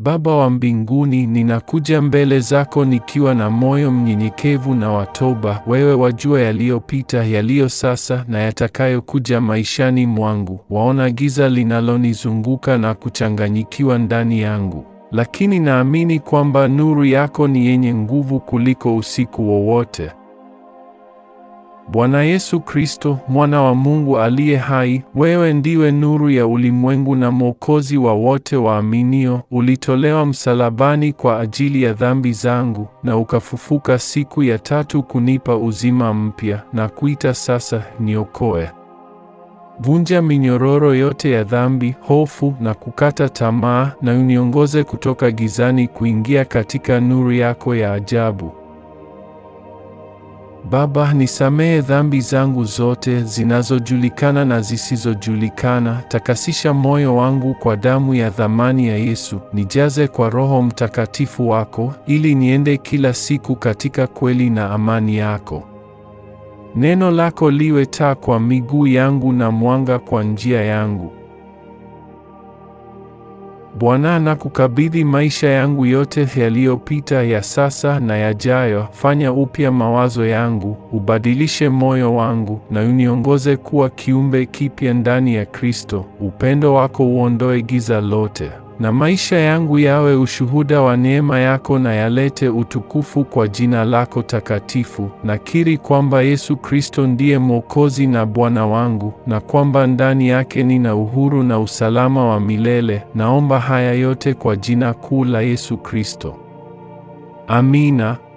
Baba wa mbinguni, ninakuja mbele zako nikiwa na moyo mnyenyekevu na watoba. Wewe wajua yaliyopita, yaliyo sasa na yatakayokuja maishani mwangu. Waona giza linalonizunguka na kuchanganyikiwa ndani yangu, lakini naamini kwamba nuru yako ni yenye nguvu kuliko usiku wowote. Bwana Yesu Kristo, mwana wa Mungu aliye hai, wewe ndiwe nuru ya ulimwengu na mwokozi wa wote waaminio. Ulitolewa msalabani kwa ajili ya dhambi zangu na ukafufuka siku ya tatu kunipa uzima mpya, na kuita sasa, niokoe. Vunja minyororo yote ya dhambi, hofu na kukata tamaa, na uniongoze kutoka gizani kuingia katika nuru yako ya ajabu. Baba, nisamehe dhambi zangu zote zinazojulikana na zisizojulikana. Takasisha moyo wangu kwa damu ya thamani ya Yesu. Nijaze kwa Roho Mtakatifu wako ili niende kila siku katika kweli na amani yako. Neno lako liwe taa kwa miguu yangu na mwanga kwa njia yangu. Bwana, nakukabidhi maisha yangu yote yaliyopita, ya sasa na yajayo. Fanya upya mawazo yangu, ubadilishe moyo wangu, na uniongoze kuwa kiumbe kipya ndani ya Kristo. Upendo wako uondoe giza lote na maisha yangu yawe ushuhuda wa neema yako na yalete utukufu kwa jina lako takatifu. Nakiri kwamba Yesu Kristo ndiye Mwokozi na Bwana wangu, na kwamba ndani yake nina uhuru na usalama wa milele. Naomba haya yote kwa jina kuu la Yesu Kristo. Amina.